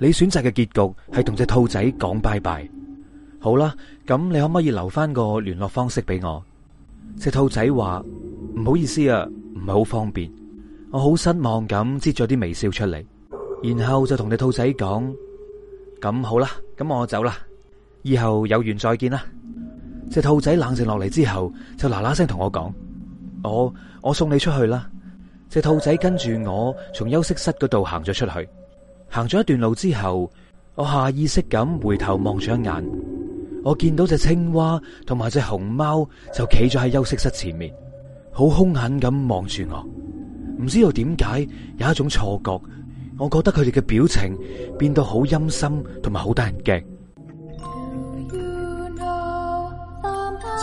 你選擇嘅結局係同隻兔仔講拜拜。好啦，咁你可唔可以留翻個聯絡方式俾我？隻兔仔話唔好意思啊，唔係好方便。我好失望咁，擠咗啲微笑出嚟，然後就同隻兔仔講：咁好啦，咁我走啦，以後有緣再見啦。隻兔仔冷靜落嚟之後，就嗱嗱聲同我講：我我送你出去啦。隻兔仔跟住我從休息室嗰度行咗出去。行咗一段路之後，我下意識咁回頭望咗一眼，我見到隻青蛙同埋隻熊貓就企咗喺休息室前面，好凶狠咁望住我。唔知道點解有一種錯覺，我覺得佢哋嘅表情變到好陰森，同埋好得人驚。